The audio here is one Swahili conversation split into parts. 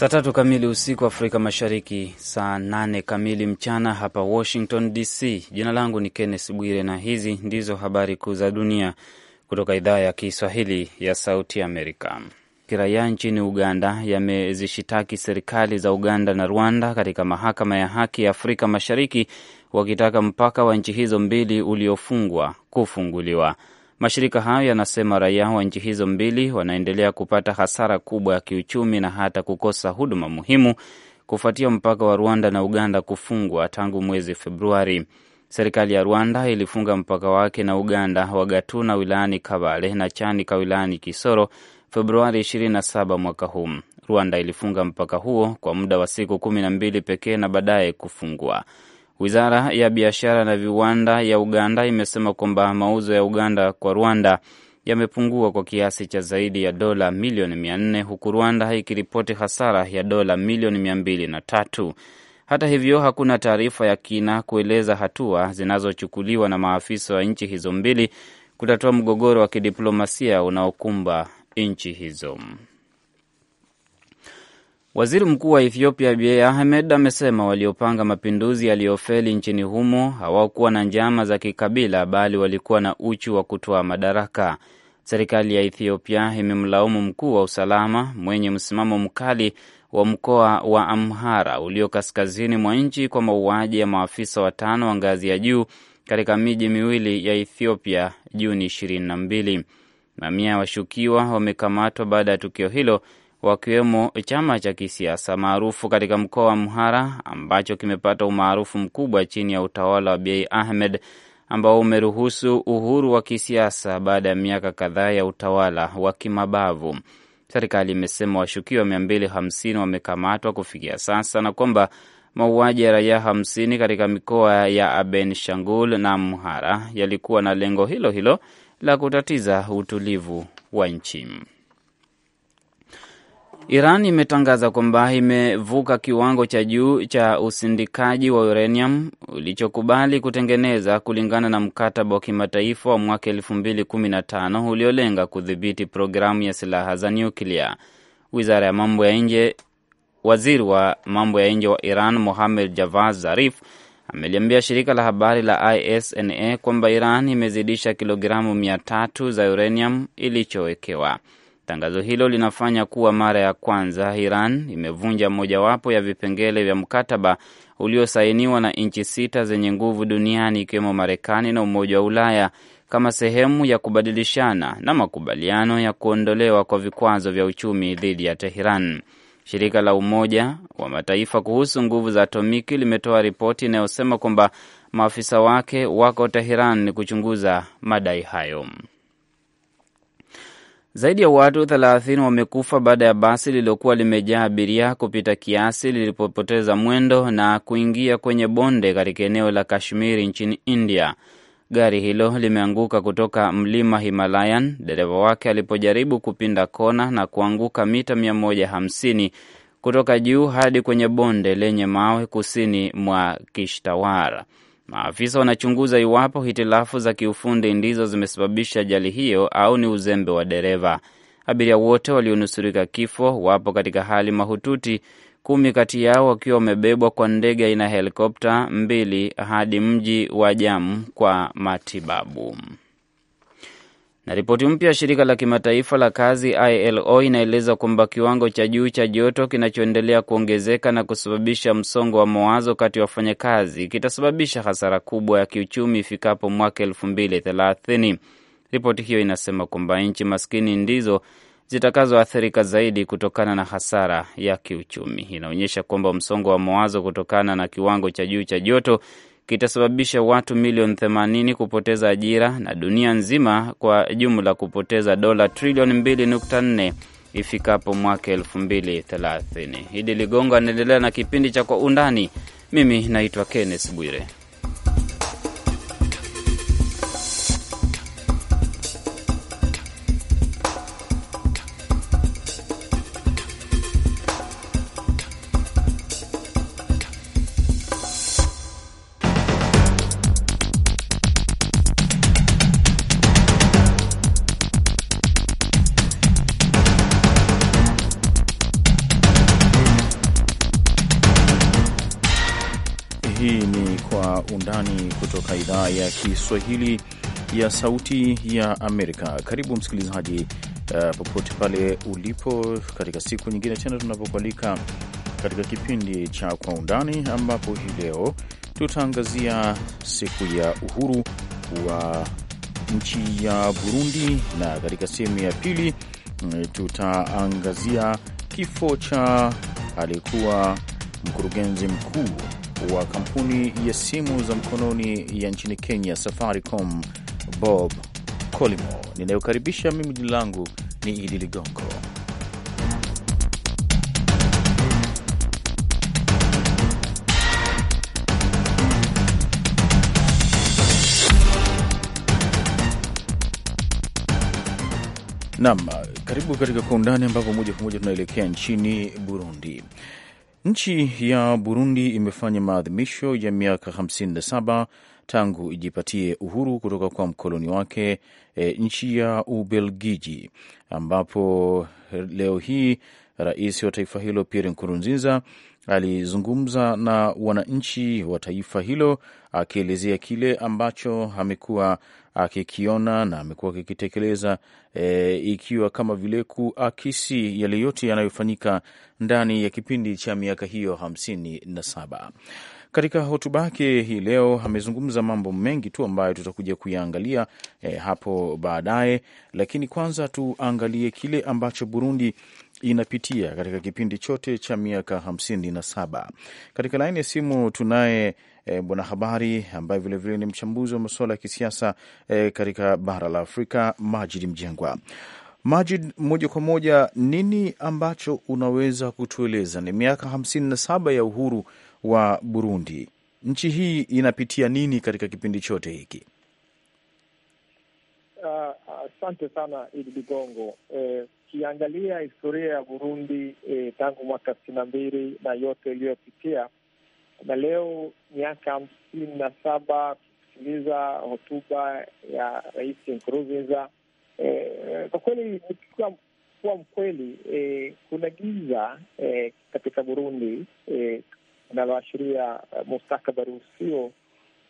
Saa tatu kamili usiku Afrika Mashariki, saa nane kamili mchana hapa Washington DC. Jina langu ni kennes Bwire na hizi ndizo habari kuu za dunia kutoka idhaa ya Kiswahili ya Sauti Amerika. Kiraia nchini Uganda yamezishitaki serikali za Uganda na Rwanda katika mahakama ya haki ya Afrika Mashariki wakitaka mpaka wa nchi hizo mbili uliofungwa kufunguliwa. Mashirika hayo yanasema raia wa nchi hizo mbili wanaendelea kupata hasara kubwa ya kiuchumi na hata kukosa huduma muhimu kufuatia mpaka wa Rwanda na Uganda kufungwa tangu mwezi Februari. Serikali ya Rwanda ilifunga mpaka wake na Uganda wa Gatuna wilayani Kabale na Chanika wilayani Kisoro Februari 27 mwaka huu. Rwanda ilifunga mpaka huo kwa muda wa siku kumi na mbili pekee na baadaye kufungua. Wizara ya biashara na viwanda ya Uganda imesema kwamba mauzo ya Uganda kwa Rwanda yamepungua kwa kiasi cha zaidi ya dola milioni mia nne huku Rwanda ikiripoti hasara ya dola milioni mia mbili na tatu. Hata hivyo hakuna taarifa ya kina kueleza hatua zinazochukuliwa na maafisa wa nchi hizo mbili kutatua mgogoro wa kidiplomasia unaokumba nchi hizo. Waziri Mkuu wa Ethiopia Abiy Ahmed amesema waliopanga mapinduzi yaliyofeli nchini humo hawakuwa na njama za kikabila, bali walikuwa na uchu wa kutoa madaraka. Serikali ya Ethiopia imemlaumu mkuu wa usalama mwenye msimamo mkali wa mkoa wa Amhara ulio kaskazini mwa nchi kwa mauaji ya maafisa watano wa ngazi ya juu katika miji miwili ya Ethiopia Juni 22. Mamia ya washukiwa wamekamatwa baada ya tukio hilo wakiwemo chama cha kisiasa maarufu katika mkoa wa Mhara ambacho kimepata umaarufu mkubwa chini ya utawala wa Abiy Ahmed ambao umeruhusu uhuru wa kisiasa baada ya miaka kadhaa ya utawala wa kimabavu. Serikali imesema washukiwa 250 wamekamatwa kufikia sasa na kwamba mauaji ya raia 50 katika mikoa ya Aben Shangul na Mhara yalikuwa na lengo hilo hilo la kutatiza utulivu wa nchi. Iran imetangaza kwamba imevuka kiwango cha juu cha usindikaji wa uranium ulichokubali kutengeneza kulingana na mkataba wa kimataifa wa mwaka elfu mbili kumi na tano uliolenga kudhibiti programu ya silaha za nyuklia. Wizara ya mambo ya nje, waziri wa mambo ya nje wa Iran Mohamed Javad Zarif ameliambia shirika la habari la ISNA kwamba Iran imezidisha kilogramu mia tatu za uranium ilichowekewa. Tangazo hilo linafanya kuwa mara ya kwanza Iran imevunja mojawapo ya vipengele vya mkataba uliosainiwa na nchi sita zenye nguvu duniani ikiwemo Marekani na Umoja wa Ulaya kama sehemu ya kubadilishana na makubaliano ya kuondolewa kwa vikwazo vya uchumi dhidi ya Teheran. Shirika la Umoja wa Mataifa kuhusu nguvu za atomiki limetoa ripoti inayosema kwamba maafisa wake wako Teheran kuchunguza madai hayo. Zaidi ya watu 30 wamekufa baada ya basi lililokuwa limejaa abiria kupita kiasi lilipopoteza mwendo na kuingia kwenye bonde katika eneo la Kashmiri nchini India. Gari hilo limeanguka kutoka mlima Himalayan dereva wake alipojaribu kupinda kona na kuanguka mita 150 kutoka juu hadi kwenye bonde lenye mawe kusini mwa Kishtawar. Maafisa wanachunguza iwapo hitilafu za kiufundi ndizo zimesababisha ajali hiyo au ni uzembe wa dereva. Abiria wote walionusurika kifo wapo katika hali mahututi, kumi kati yao wakiwa wamebebwa kwa ndege aina ya helikopta mbili hadi mji wa Jamu kwa matibabu. Na ripoti mpya ya shirika la kimataifa la kazi ILO inaeleza kwamba kiwango cha juu cha joto kinachoendelea kuongezeka na kusababisha msongo wa mawazo kati ya wafanyakazi kitasababisha hasara kubwa ya kiuchumi ifikapo mwaka elfu mbili thelathini. Ripoti hiyo inasema kwamba nchi maskini ndizo zitakazoathirika zaidi kutokana na hasara ya kiuchumi. Inaonyesha kwamba msongo wa mawazo kutokana na kiwango cha juu cha joto kitasababisha watu milioni 80 kupoteza ajira na dunia nzima kwa jumla kupoteza dola trilioni 2.4 ifikapo mwaka 2030. Hidi Ligongo anaendelea na kipindi cha Kwa Undani. Mimi naitwa Kenneth Bwire. ya Kiswahili ya Sauti ya Amerika. Karibu msikilizaji, uh, popote pale ulipo, katika siku nyingine tena tunapokualika katika kipindi cha Kwa Undani, ambapo hii leo tutaangazia siku ya uhuru wa nchi ya Burundi, na katika sehemu ya pili mm, tutaangazia kifo cha aliyekuwa mkurugenzi mkuu wa kampuni ya simu za mkononi ya nchini Kenya, Safaricom, Bob Colimo, ninayokaribisha mimi. Jina langu ni Idi Ligongo. Naam, karibu katika Kwa Undani, ambapo moja kwa moja tunaelekea nchini Burundi. Nchi ya Burundi imefanya maadhimisho ya miaka 57 tangu ijipatie uhuru kutoka kwa mkoloni wake e, nchi ya Ubelgiji, ambapo leo hii rais wa taifa hilo Pierre Nkurunziza Alizungumza na wananchi wa taifa hilo akielezea kile ambacho amekuwa akikiona na amekuwa akikitekeleza e, ikiwa kama vile kuakisi yale yote yanayofanyika ndani ya kipindi cha miaka hiyo hamsini na saba. Katika hotuba yake hii leo amezungumza mambo mengi tu ambayo tutakuja kuyaangalia e, hapo baadaye, lakini kwanza tuangalie kile ambacho Burundi inapitia katika kipindi chote cha miaka hamsini na saba. Katika laini ya simu tunaye e, mwanahabari ambaye vilevile ni mchambuzi wa masuala ya kisiasa e, katika bara la Afrika, Majid Mjengwa. Majid, moja kwa moja, nini ambacho unaweza kutueleza? Ni miaka hamsini na saba ya uhuru wa Burundi, nchi hii inapitia nini katika kipindi chote hiki? Ah, asante uh, uh, sana Idi Ligongo. uh, ukiangalia historia ya Burundi eh, tangu mwaka sitini na mbili na yote iliyopitia na leo miaka hamsini na saba kusikiliza hotuba ya Rais Nkurunziza eh, kwa kweli nikiwa kuwa mkweli eh, kuna giza eh, katika Burundi eh, inaloashiria eh, mustakabali usio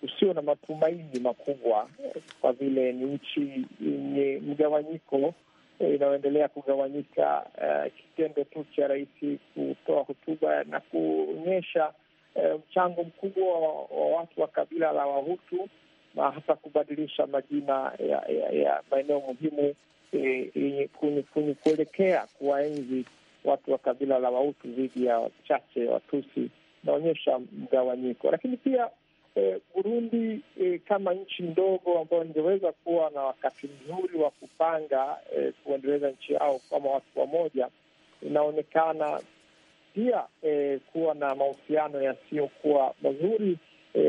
usio na matumaini makubwa, eh, kwa vile ni nchi yenye mgawanyiko inayoendelea kugawanyika. Uh, kitendo tu cha rais kutoa hotuba na kuonyesha uh, mchango mkubwa wa watu wa kabila la Wahutu na hata kubadilisha majina ya, ya, ya maeneo muhimu eh, yenye e, kuelekea kuwaenzi watu wa kabila la Wahutu dhidi ya wachache Watusi inaonyesha mgawanyiko, lakini pia Eh, Burundi e, kama nchi ndogo ambayo ingeweza kuwa na wakati mzuri wa kupanga e, kuendeleza nchi yao kama watu wamoja, inaonekana pia e, kuwa na mahusiano yasiyokuwa mazuri e,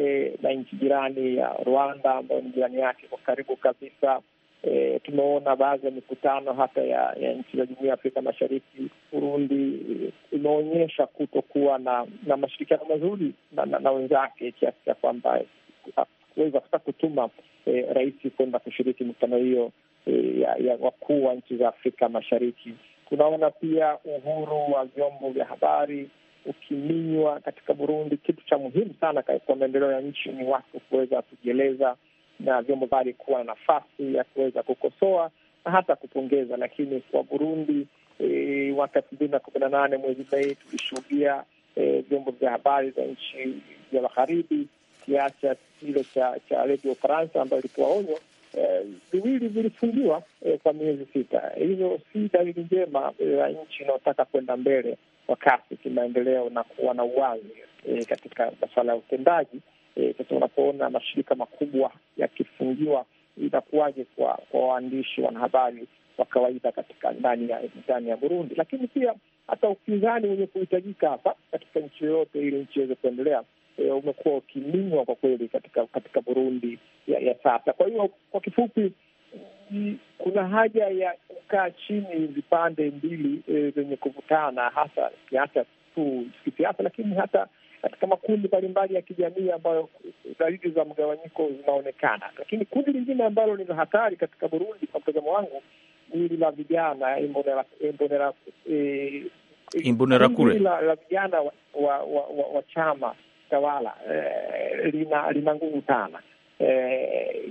na nchi jirani ya Rwanda ambayo ni jirani yake kwa karibu kabisa E, tumeona baadhi ya mikutano hata ya, ya nchi za jumuiya ya Afrika Mashariki. Burundi e, imeonyesha kutokuwa na na mashirikiano mazuri na, na, na wenzake kiasi cha kwamba kuweza kutaka kutuma e, rais kwenda kushiriki mikutano hiyo e, ya, ya wakuu wa nchi za Afrika Mashariki. Tunaona pia uhuru wa vyombo vya habari ukiminywa katika Burundi. Kitu cha muhimu sana kwa maendeleo ya nchi ni watu kuweza kujieleza na vyombo mbali kuwa na nafasi ya kuweza kukosoa na hata kupongeza. Lakini kwa Burundi e, mwaka elfu mbili na kumi na nane mwezi Mei tulishuhudia e, vyombo vya habari za nchi za magharibi kiacha kile cha cha redio Faransa ambayo ilitoa onyo e, viwili vilifungiwa e, kwa miezi sita. Hivyo si dalili njema e, ya nchi inayotaka kwenda mbele kwa kasi kimaendeleo na kuwa na uwazi katika masuala ya utendaji Eh, sasa unapoona mashirika makubwa yakifungiwa, inakuwaje kwa kwa waandishi wanahabari wa kawaida katika ndani ya ndani ya Burundi? Lakini pia hata upinzani wenye kuhitajika hapa katika nchi yoyote ili nchi iweze kuendelea e, umekuwa ukiminywa kwa kweli katika katika Burundi ya, ya sasa. Kwa hiyo kwa kifupi mm, kuna haja ya kukaa chini vipande mbili zenye eh, e, kuvutana hasa kiasa tu kisiasa, lakini hata katika makundi mbalimbali ya kijamii ambayo dalili za mgawanyiko zinaonekana. Lakini kundi lingine ambalo ni la hatari katika Burundi kwa mtazamo wangu ni la vijana e, la vijana wa, wa, wa, wa, chama tawala eh, lina lina nguvu sana eh,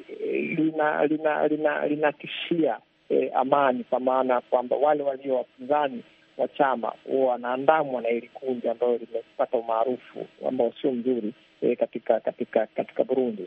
lina linatishia lina, lina eh, amani kwa maana kwamba wale walio wapinzani wa chama wanaandamwa na hili kundi ambayo limepata umaarufu ambao sio mzuri e, katika katika katika Burundi.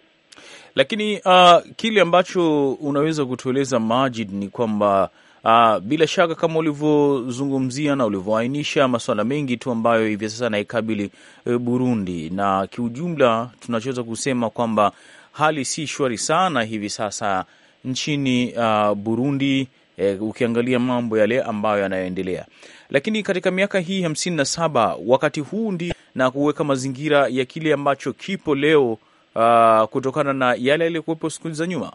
Lakini uh, kile ambacho unaweza kutueleza Majid ni kwamba Uh, bila shaka kama ulivyozungumzia na ulivyoainisha masuala mengi tu ambayo hivi sasa naikabili e, eh, Burundi, na kiujumla tunachoweza kusema kwamba hali si shwari sana hivi sasa nchini uh, Burundi e, ukiangalia mambo yale ambayo yanayoendelea. Lakini katika miaka hii hamsini na saba wakati huu ndi na kuweka mazingira ya kile ambacho kipo leo, uh, kutokana na yale yaliyokuwepo siku za nyuma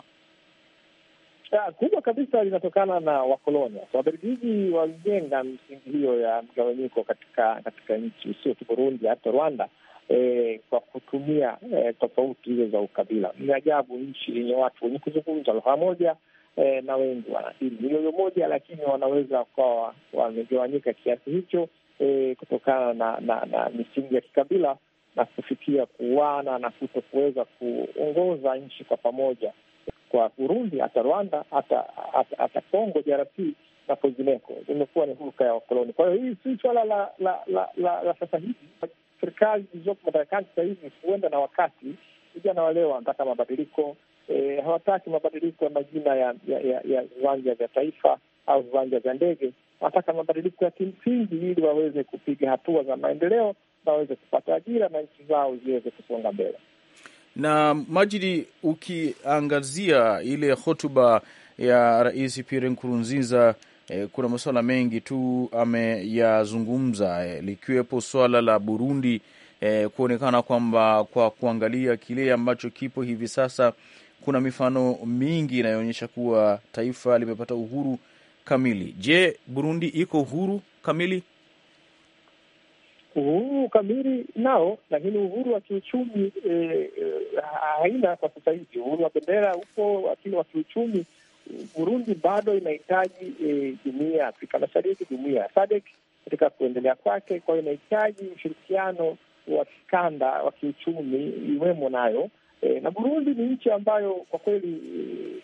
ah, kubwa kabisa linatokana na wakoloni. Wabelgiji walijenga msingi hiyo ya mgawanyiko katika katika nchi, sio tu Burundi, hata Rwanda eh, kwa kutumia eh, tofauti hizo za ukabila. Ni ajabu nchi yenye watu wenye kuzungumza lugha moja eh, na wengi wana dini moja, lakini wanaweza wakawa wamegawanyika kiasi hicho eh, kutokana na, na, na misingi ya kikabila na kufikia kuuana na kuto kuweza kuongoza nchi kwa pamoja kwa Burundi hata Rwanda hata Kongo DRC na kwingineko imekuwa ni hulka ya wakoloni. Kwa hiyo hii si swala la la la la sasa hivi serikali zilizoko madarakani sasa hivi huenda na wakati, vijana wa leo wanataka mabadiliko e, hawataki mabadiliko ya majina ya ya viwanja vya taifa au viwanja vya ndege. Wanataka mabadiliko ya kimsingi ili waweze kupiga hatua za maendeleo na waweze kupata ajira na nchi zao ziweze kusonga mbele. Na Majidi, ukiangazia ile hotuba ya Rais Pierre Nkurunziza e, kuna masuala mengi tu ameyazungumza e, likiwepo swala la Burundi e, kuonekana kwamba kwa kuangalia kile ambacho kipo hivi sasa kuna mifano mingi inayoonyesha kuwa taifa limepata uhuru kamili. Je, Burundi iko uhuru kamili? Uhuru kamili nao, lakini uhuru wa kiuchumi e, haina kwa sasa hivi. Uhuru wa bendera upo, lakini wa kiuchumi Burundi bado inahitaji e, jumuia ya Afrika Mashariki, jumuia ya SADC katika kuendelea kwake. Kwa hiyo inahitaji ushirikiano wa kikanda wa kiuchumi iwemo nayo e, na Burundi ni nchi ambayo kwa kweli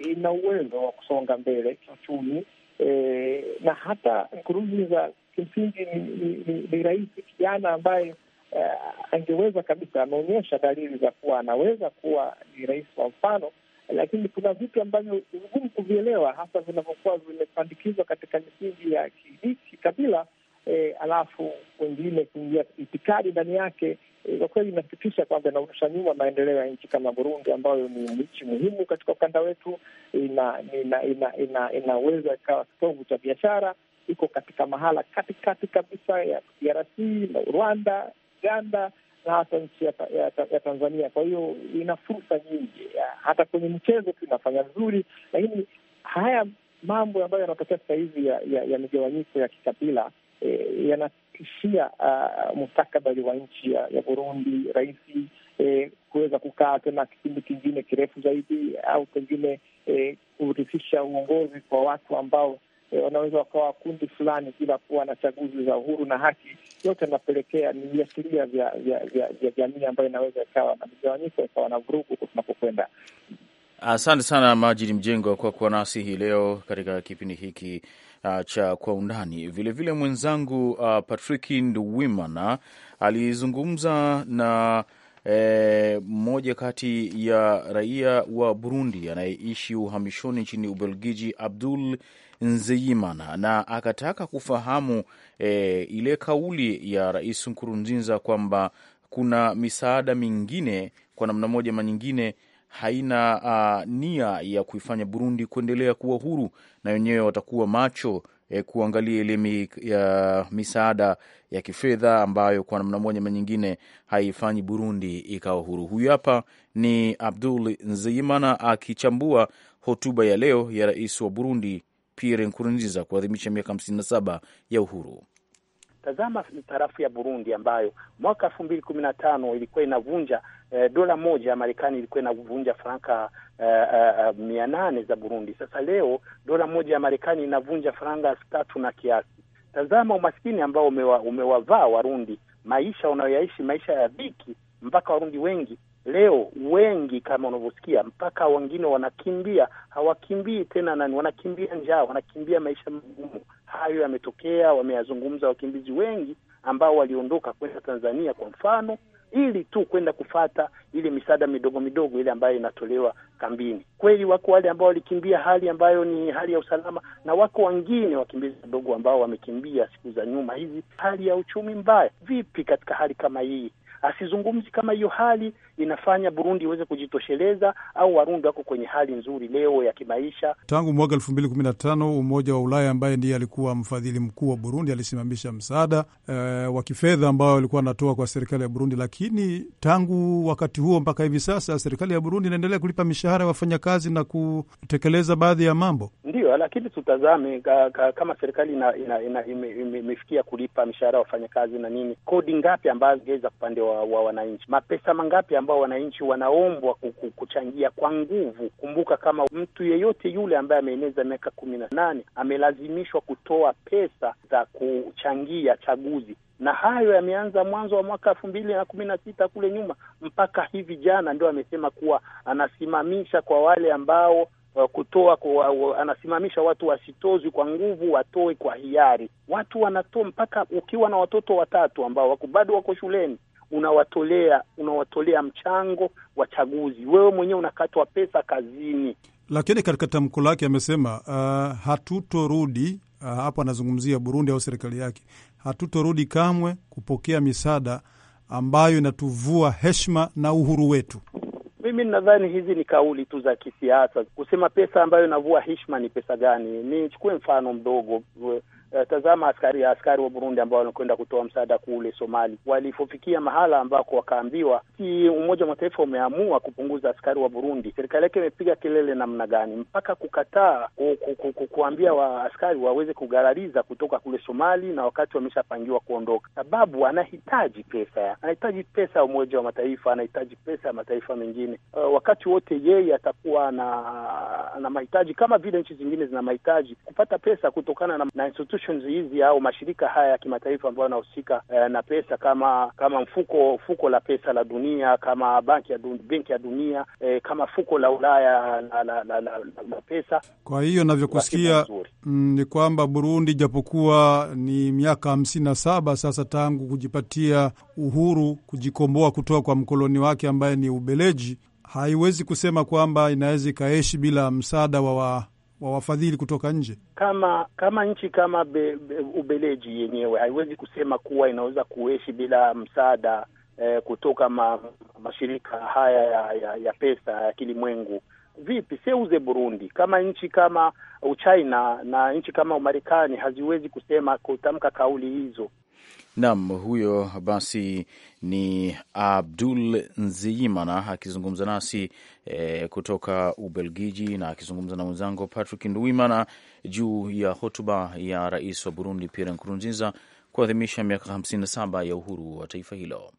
e, ina uwezo wa kusonga mbele kiuchumi e, na hata Nkurunziza kimsingi ni, ni, ni, ni rais kijana ambaye uh, angeweza kabisa, ameonyesha dalili za kuwa anaweza kuwa ni rais kwa mfano lakini kuna vitu ambavyo vigumu kuvielewa, hasa vinavyokuwa vimepandikizwa katika misingi ya kidini kabila, eh, alafu wengine kuingia itikadi ndani yake eh, kwa kweli inasikitisha kwamba inarudisha nyuma maendeleo ya nchi kama Burundi ambayo ni nchi muhimu katika ukanda wetu. Ina ina inaweza ikawa kitovu cha biashara, iko katika mahala katikati kabisa ya DRC, Rwanda, Uganda na hasa nchi ya, ta, ya, ta, ya Tanzania. Kwa hiyo ina fursa nyingi, hata kwenye mchezo tu inafanya vizuri, lakini haya mambo ambayo yanatokea sasa hivi ya, ya, ya migawanyiko ya kikabila e, yanatishia uh, mustakabali wa nchi ya, ya Burundi. rahisi e, kuweza kukaa tena kipindi kingine kirefu zaidi au pengine e, kurithisha uongozi kwa watu ambao Eh, wanaweza wakawa kundi fulani bila kuwa na chaguzi za uhuru na haki. Yote anapelekea ni viasiria vya vya jamii ambayo inaweza ikawa na migawanyiko, ikawa na vurugu tunapokwenda. Asante sana Majid Mjengo kwa kuwa nasi hii leo katika kipindi hiki uh, cha Kwa Undani. Vilevile mwenzangu uh, Patrick Nduwimana alizungumza na eh, mmoja kati ya raia wa Burundi anayeishi uhamishoni nchini Ubelgiji, Abdul Nzeyimana na akataka kufahamu e, ile kauli ya Rais Nkurunziza kwamba kuna misaada mingine kwa namna moja ama nyingine haina a, nia ya kuifanya Burundi kuendelea kuwa huru, na wenyewe watakuwa macho e, kuangalia ile mi, ya, misaada ya kifedha ambayo kwa namna moja ama nyingine haifanyi Burundi ikawa huru. Huyu hapa ni Abdul Nzeyimana akichambua hotuba ya leo ya rais wa Burundi Pierre Nkurunziza kuadhimisha miaka 57 ya uhuru. Tazama tarafu ya Burundi ambayo mwaka elfu mbili kumi na tano ilikuwa inavunja eh, dola moja ya Marekani ilikuwa inavunja franka eh, eh, mia nane za Burundi. Sasa leo dola moja ya Marekani inavunja franka elfu tatu na kiasi. Tazama umaskini ambao umewa, umewavaa Warundi, maisha wanayoyaishi maisha ya dhiki, mpaka Warundi wengi Leo wengi kama unavyosikia, mpaka wengine wanakimbia, hawakimbii tena nani, wanakimbia njaa, wanakimbia maisha magumu. Hayo yametokea, wameyazungumza wakimbizi wengi ambao waliondoka kwenda Tanzania kwa mfano, ili tu kwenda kufata ile misaada midogo midogo ile ambayo inatolewa kambini. Kweli wako wale ambao walikimbia hali ambayo ni hali ya usalama, na wako wengine wakimbizi wadogo ambao wamekimbia siku za nyuma hizi, hali ya uchumi mbaya. Vipi katika hali kama hii asizungumzi kama hiyo hali inafanya Burundi iweze kujitosheleza au Warundi wako kwenye hali nzuri leo ya kimaisha. Tangu mwaka elfu mbili kumi na tano Umoja wa Ulaya ambaye ndiye alikuwa mfadhili mkuu wa Burundi alisimamisha msaada e, wa kifedha ambao alikuwa anatoa kwa serikali ya Burundi, lakini tangu wakati huo mpaka hivi sasa serikali ya Burundi inaendelea kulipa mishahara ya wafanyakazi na kutekeleza baadhi ya mambo ndiyo, lakini tutazame ka, ka, kama serikali imefikia ime, ime, ime kulipa mishahara ya wafanyakazi na nini, kodi ngapi ambazo geza upande wa wa, wa wananchi, mapesa mangapi ambao wananchi wanaombwa kuchangia kwa nguvu. Kumbuka kama mtu yeyote yule ambaye ameeneza miaka kumi na nane amelazimishwa kutoa pesa za kuchangia chaguzi na hayo yameanza mwanzo wa mwaka elfu mbili na kumi na sita kule nyuma mpaka hivi jana, ndio amesema kuwa anasimamisha kwa wale ambao kutoa kwa, anasimamisha watu wasitozwi kwa nguvu, watoe kwa hiari. Watu wanatoa mpaka, ukiwa na watoto watatu ambao wako bado wako shuleni, unawatolea unawatolea mchango wa chaguzi, wewe mwenyewe unakatwa pesa kazini. Lakini katika tamko lake amesema uh, hatutorudi uh, hapo anazungumzia Burundi au serikali yake, hatutorudi kamwe kupokea misaada ambayo inatuvua heshima na uhuru wetu mimi nadhani hizi ni kauli tu za kisiasa, kusema pesa ambayo inavua heshima ni pesa gani. Nichukue mfano mdogo, Uh, tazama askari askari wa Burundi ambao walikwenda kutoa msaada kule Somali walipofikia mahala ambako wakaambiwa, si Umoja wa Mataifa umeamua kupunguza askari wa Burundi, serikali yake imepiga kelele namna gani mpaka kukataa kuambia wa askari waweze kugarariza kutoka kule Somali, na wakati wameshapangiwa kuondoka, sababu anahitaji pesa, anahitaji pesa ya Umoja wa Mataifa, anahitaji pesa ya mataifa mengine. Uh, wakati wote yeye atakuwa na na mahitaji kama vile nchi zingine zina mahitaji kupata pesa kutokana na, na institution institutions hizi au mashirika haya ya kimataifa ambayo yanahusika eh, na pesa kama kama mfuko fuko la pesa la dunia kama banki ya dun, benki ya dunia eh, kama fuko la Ulaya la, la, la, la, la pesa. Kwa hiyo navyokusikia mm, ni kwamba Burundi japokuwa ni miaka hamsini na saba sasa tangu kujipatia uhuru, kujikomboa kutoka kwa mkoloni wake ambaye ni Ubeleji, haiwezi kusema kwamba inaweza ikaishi bila msaada wa, wa wa wafadhili kutoka nje. Kama kama nchi kama be, be, Ubeleji yenyewe haiwezi kusema kuwa inaweza kuishi bila msaada eh, kutoka ma, mashirika haya ya, ya, ya pesa ya kilimwengu. Vipi seuze Burundi? Kama nchi kama Uchina na nchi kama Umarekani haziwezi kusema kutamka kauli hizo. Nam huyo basi ni Abdul nziimana akizungumza nasi e, kutoka Ubelgiji, na akizungumza na mwenzangu Patrick Nduwimana juu ya hotuba ya rais wa Burundi Pierre Nkurunziza kuadhimisha miaka 57 ya uhuru wa taifa hilo.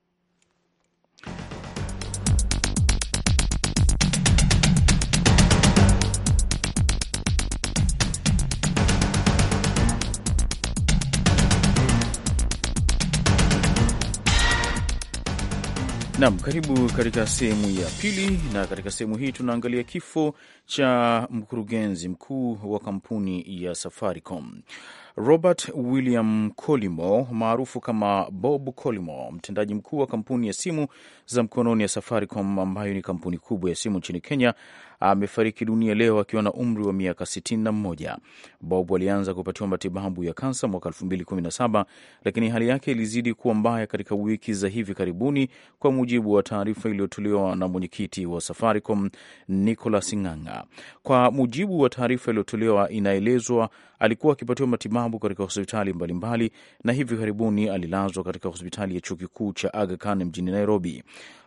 Nam, karibu katika sehemu ya pili, na katika sehemu hii tunaangalia kifo cha mkurugenzi mkuu wa kampuni ya Safaricom Robert William Colimo maarufu kama Bob Colimo, mtendaji mkuu wa kampuni ya simu za mkononi ya Safaricom ambayo ni kampuni kubwa ya simu nchini Kenya, amefariki dunia leo akiwa na umri wa miaka 61. Bob alianza kupatiwa matibabu ya kansa mwaka 2017 lakini hali yake ilizidi kuwa mbaya katika wiki za hivi karibuni, kwa mujibu wa taarifa iliyotolewa na mwenyekiti wa Safaricom Nicolas Ng'ang'a. Kwa mujibu wa taarifa iliyotolewa, inaelezwa alikuwa akipatiwa matibabu katika hospitali mbalimbali na hivi karibuni alilazwa katika hospitali ya chuo kikuu cha Aga Khan mjini Nairobi.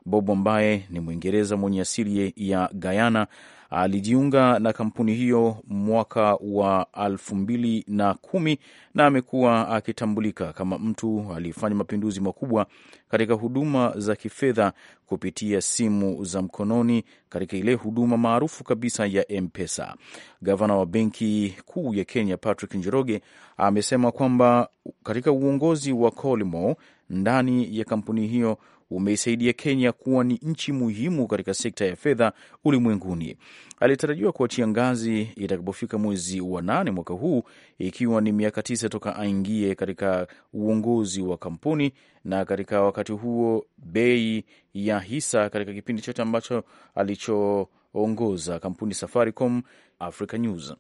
Bob ambaye ni Mwingereza mwenye asili ya Guyana Alijiunga na kampuni hiyo mwaka wa elfu mbili na kumi na amekuwa akitambulika kama mtu aliyefanya mapinduzi makubwa katika huduma za kifedha kupitia simu za mkononi katika ile huduma maarufu kabisa ya mpesa Gavana wa Benki Kuu ya Kenya Patrick Njoroge amesema kwamba katika uongozi wa Colimo ndani ya kampuni hiyo umeisaidia Kenya kuwa ni nchi muhimu katika sekta ya fedha ulimwenguni. Alitarajiwa kuachia ngazi itakapofika mwezi wa nane mwaka huu, ikiwa ni miaka tisa toka aingie katika uongozi wa kampuni, na katika wakati huo bei ya hisa katika kipindi chote ambacho alicho ongoza kampuni Safaricom Africa News.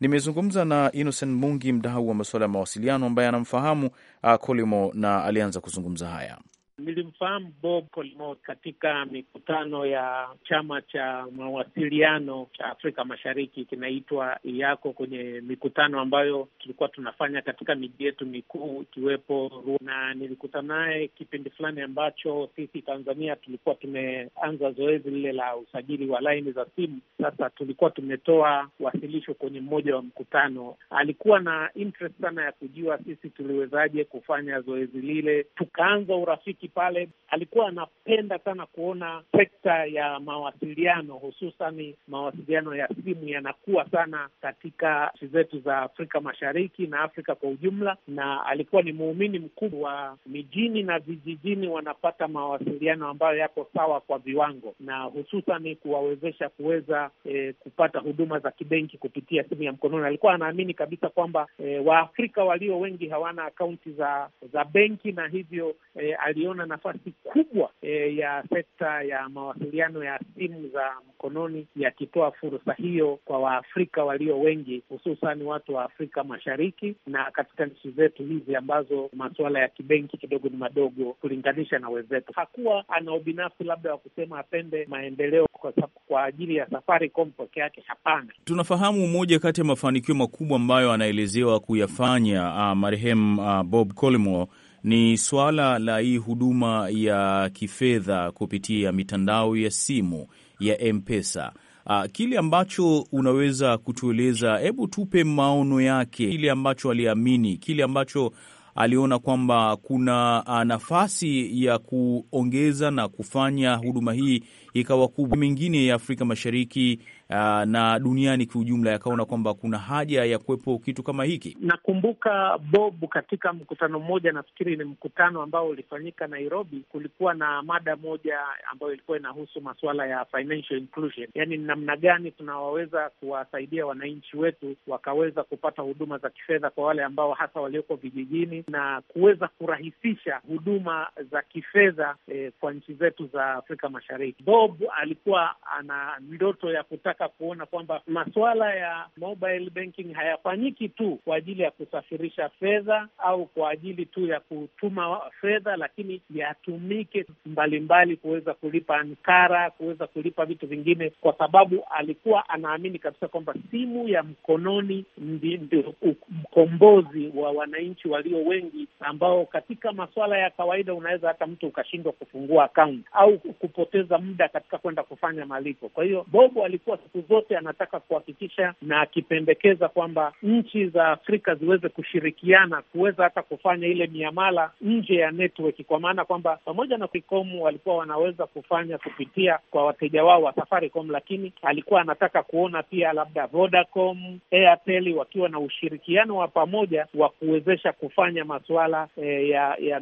Nimezungumza na Innocent Mungi, mdau wa masuala ya mawasiliano ambaye anamfahamu ah, Kolimo, na alianza kuzungumza haya. Nilimfahamu Bob Collymore katika mikutano ya chama cha mawasiliano cha Afrika Mashariki, kinaitwa yako kwenye mikutano ambayo tulikuwa tunafanya katika miji yetu mikuu ikiwepo, na nilikutana naye kipindi fulani ambacho sisi Tanzania tulikuwa tumeanza zoezi lile la usajili wa laini za simu. Sasa tulikuwa tumetoa wasilisho kwenye mmoja wa mkutano, alikuwa na interest sana ya kujua sisi tuliwezaje kufanya zoezi lile, tukaanza urafiki pale, alikuwa anapenda sana kuona sekta ya mawasiliano hususani mawasiliano ya simu yanakuwa sana katika nchi zetu za Afrika Mashariki na Afrika kwa ujumla, na alikuwa ni muumini mkubwa wa mijini na vijijini wanapata mawasiliano ambayo yako sawa kwa viwango, na hususan kuwawezesha kuweza e, kupata huduma za kibenki kupitia simu ya mkononi. Alikuwa anaamini kabisa kwamba e, Waafrika walio wengi hawana akaunti za za benki na hivyo e, aliona na nafasi kubwa e, ya sekta ya mawasiliano ya simu za mkononi yakitoa fursa hiyo kwa Waafrika walio wengi, hususan watu wa Afrika Mashariki na katika nchi zetu hizi ambazo masuala ya kibenki kidogo ni madogo kulinganisha na wenzetu. Hakuwa ana ubinafsi labda wa kusema apende maendeleo kwa, kwa ajili ya Safaricom peke yake. Hapana, tunafahamu moja kati ya mafanikio makubwa ambayo anaelezewa kuyafanya uh, marehemu uh, Bob Collymore ni swala la hii huduma ya kifedha kupitia mitandao ya simu ya M-Pesa. Uh, kile ambacho unaweza kutueleza, hebu tupe maono yake, kile ambacho aliamini, kile ambacho aliona kwamba kuna ah, nafasi ya kuongeza na kufanya huduma hii ikawa kubwa mengine ya Afrika Mashariki uh, na duniani kiujumla yakaona kwamba kuna haja ya kuwepo kitu kama hiki. Nakumbuka Bob, katika mkutano mmoja, nafikiri ni mkutano ambao ulifanyika Nairobi, kulikuwa na mada moja ambayo ilikuwa inahusu masuala ya financial inclusion, yaani ni namna gani tunawaweza kuwasaidia wananchi wetu wakaweza kupata huduma za kifedha kwa wale ambao hasa walioko vijijini na kuweza kurahisisha huduma za kifedha eh, kwa nchi zetu za Afrika Mashariki. Bob alikuwa ana ndoto ya kutaka wanataka kuona kwamba masuala ya mobile banking hayafanyiki tu kwa ajili ya kusafirisha fedha au kwa ajili tu ya kutuma fedha, lakini yatumike mbalimbali kuweza kulipa nkara, kuweza kulipa vitu vingine, kwa sababu alikuwa anaamini kabisa kwamba simu ya mkononi ndio mkombozi wa wananchi walio wengi, ambao katika masuala ya kawaida unaweza hata mtu ukashindwa kufungua akaunti au kupoteza muda katika kwenda kufanya malipo. Kwa hiyo Bobo alikuwa siku zote anataka kuhakikisha na akipendekeza kwamba nchi za Afrika ziweze kushirikiana kuweza hata kufanya ile miamala nje ya network, kwa maana kwamba pamoja na Safaricom walikuwa wanaweza kufanya kupitia kwa wateja wao wa Safaricom, lakini alikuwa anataka kuona pia labda Vodacom, Airtel wakiwa na ushirikiano wa pamoja wa kuwezesha kufanya masuala e, eh, ya, ya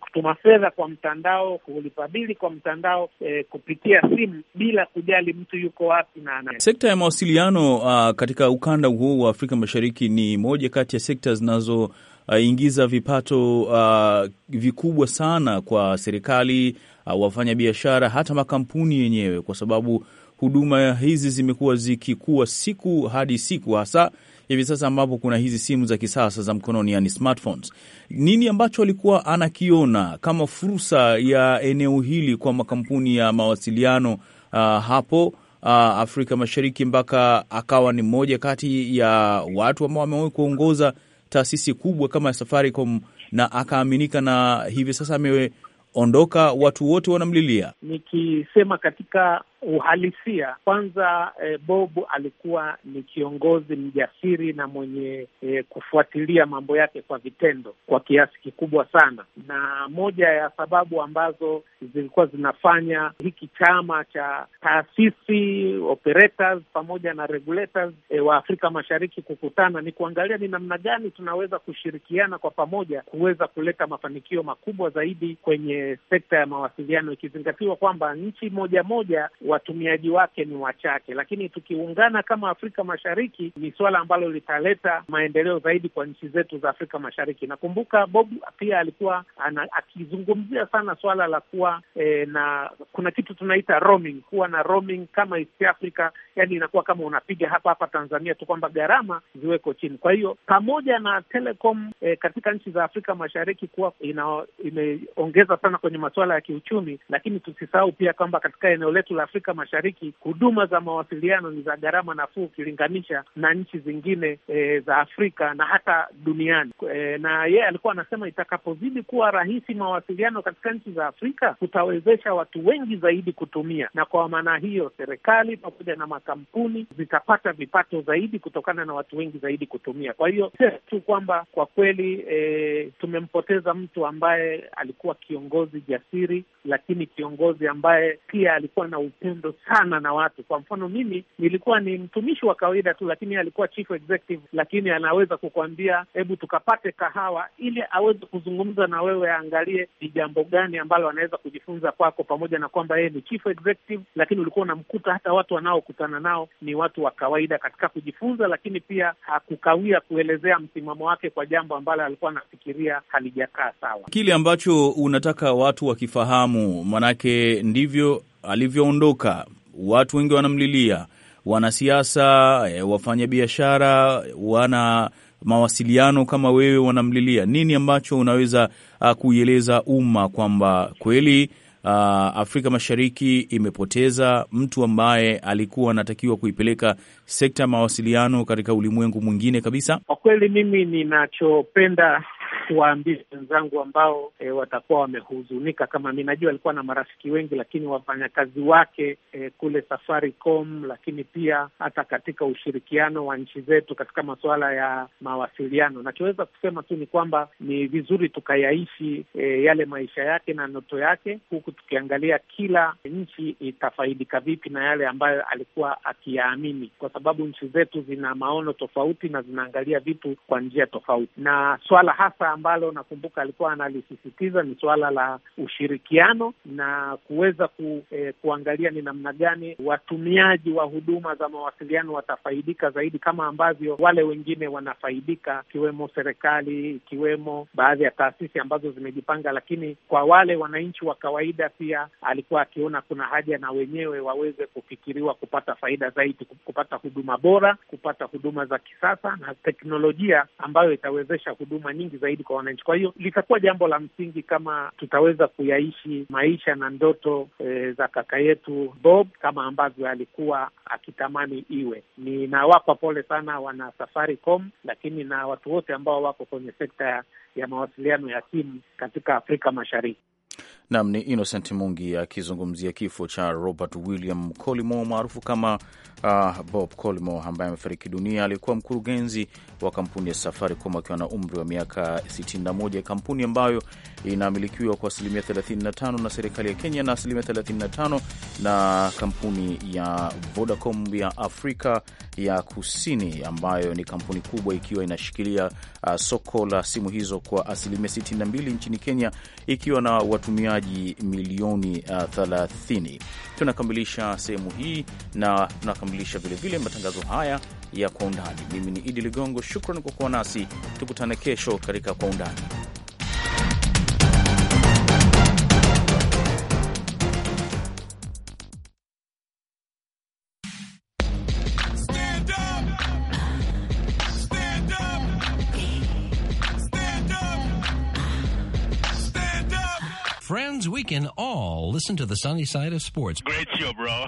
kutuma fedha kwa mtandao, kulipa bili kwa mtandao e, kupitia simu bila kujali mtu yuko wapi na nani. Sekta ya mawasiliano uh, katika ukanda huu wa Afrika Mashariki ni moja kati ya sekta zinazo Uh, ingiza vipato uh, vikubwa sana kwa serikali uh, wafanyabiashara, hata makampuni yenyewe, kwa sababu huduma hizi zimekuwa zikikua siku hadi siku, hasa hivi sasa ambapo kuna hizi simu za kisasa za mkononi, yani smartphones. Nini ambacho alikuwa anakiona kama fursa ya eneo hili kwa makampuni ya mawasiliano uh, hapo uh, Afrika Mashariki mpaka akawa ni mmoja kati ya watu ambao wamewahi kuongoza taasisi kubwa kama Safaricom na akaaminika, na hivi sasa ameondoka, watu wote wanamlilia. Nikisema katika uhalisia kwanza, eh, Bob alikuwa ni kiongozi mjasiri na mwenye eh, kufuatilia mambo yake kwa vitendo kwa kiasi kikubwa sana, na moja ya sababu ambazo zilikuwa zinafanya hiki chama cha taasisi operators pamoja na regulators eh, wa Afrika Mashariki kukutana ni kuangalia ni namna gani tunaweza kushirikiana kwa pamoja kuweza kuleta mafanikio makubwa zaidi kwenye sekta ya mawasiliano, ikizingatiwa kwamba nchi moja moja watumiaji wake ni wachache, lakini tukiungana kama Afrika Mashariki ni suala ambalo litaleta maendeleo zaidi kwa nchi zetu za Afrika Mashariki. Nakumbuka Bob pia alikuwa ana, akizungumzia sana suala la kuwa e, na kuna kitu tunaita roaming, kuwa na roaming kama East Africa, yani inakuwa kama unapiga hapa hapa Tanzania tu, kwamba gharama ziweko chini. Kwa hiyo pamoja na telecom e, katika nchi za Afrika Mashariki kuwa imeongeza sana kwenye masuala ya kiuchumi, lakini tusisahau pia kwamba katika eneo letu la Afrika Afrika Mashariki, huduma za mawasiliano ni za gharama nafuu ukilinganisha na nchi zingine e, za Afrika na hata duniani e, na yeye alikuwa anasema itakapozidi kuwa rahisi mawasiliano katika nchi za Afrika kutawezesha watu wengi zaidi kutumia, na kwa maana hiyo serikali pamoja na makampuni zitapata vipato zaidi kutokana na watu wengi zaidi kutumia. Kwa hiyo tu kwamba kwa kweli e, tumempoteza mtu ambaye alikuwa kiongozi jasiri, lakini kiongozi ambaye pia alikuwa na upe upendo sana na watu. Kwa mfano, mimi nilikuwa ni mtumishi wa kawaida tu, lakini alikuwa chief executive, lakini anaweza kukuambia hebu tukapate kahawa, ili aweze kuzungumza na wewe, aangalie ni jambo gani ambalo anaweza kujifunza kwako, pamoja na kwamba yeye ni chief executive, lakini ulikuwa unamkuta hata watu wanaokutana nao ni watu wa kawaida katika kujifunza, lakini pia hakukawia kuelezea msimamo wake kwa jambo ambalo alikuwa anafikiria halijakaa sawa, kile ambacho unataka watu wakifahamu, manake ndivyo alivyoondoka, watu wengi wanamlilia, wanasiasa, e, eh, wafanyabiashara, wana mawasiliano kama wewe wanamlilia. Nini ambacho unaweza ah, kuieleza umma kwamba kweli uh, Afrika Mashariki imepoteza mtu ambaye alikuwa anatakiwa kuipeleka sekta ya mawasiliano katika ulimwengu mwingine kabisa? Kwa kweli mimi ninachopenda kuwaambia wenzangu ambao e, watakuwa wamehuzunika kama mi. Najua alikuwa na marafiki wengi, lakini wafanyakazi wake e, kule Safaricom, lakini pia hata katika ushirikiano wa nchi zetu katika masuala ya mawasiliano. Nachoweza kusema tu ni kwamba ni vizuri tukayaishi e, yale maisha yake na ndoto yake, huku tukiangalia kila nchi itafaidika vipi na yale ambayo alikuwa akiyaamini, kwa sababu nchi zetu zina maono tofauti na zinaangalia vitu kwa njia tofauti, na swala hasa ambalo nakumbuka alikuwa analisisitiza ni suala la ushirikiano na kuweza ku, eh, kuangalia ni namna gani watumiaji wa huduma za mawasiliano watafaidika zaidi kama ambavyo wale wengine wanafaidika, ikiwemo serikali, ikiwemo baadhi ya taasisi ambazo zimejipanga, lakini kwa wale wananchi wa kawaida pia alikuwa akiona kuna haja na wenyewe waweze kufikiriwa kupata faida zaidi, kupata huduma bora, kupata huduma za kisasa na teknolojia ambayo itawezesha huduma nyingi zaidi kwa wananchi. Kwa hiyo litakuwa jambo la msingi kama tutaweza kuyaishi maisha na ndoto e, za kaka yetu Bob kama ambavyo alikuwa akitamani iwe. Ninawapa pole sana wana Safaricom, lakini na watu wote ambao wako kwenye sekta ya mawasiliano ya simu katika Afrika Mashariki. Nam ni Innocent Mungi akizungumzia kifo cha Robert William Collymore maarufu kama uh, Bob Collymore ambaye amefariki dunia. Alikuwa mkurugenzi wa kampuni ya Safaricom akiwa na umri wa miaka 61, kampuni ambayo inamilikiwa kwa asilimia 35 na serikali ya Kenya na asilimia 35 na kampuni ya Vodacom ya Afrika ya Kusini, ambayo ni kampuni kubwa ikiwa inashikilia uh, soko la simu hizo kwa asilimia 62 nchini Kenya, ikiwa na watumiaji wahamiaji milioni uh, 30. Tunakamilisha sehemu hii na tunakamilisha vilevile matangazo haya ya Kwa Undani. Mimi ni Idi Ligongo, shukran kwa kuwa nasi. Tukutane kesho katika Kwa Undani. in all, listen to the sunny side of sports. Great show, bro.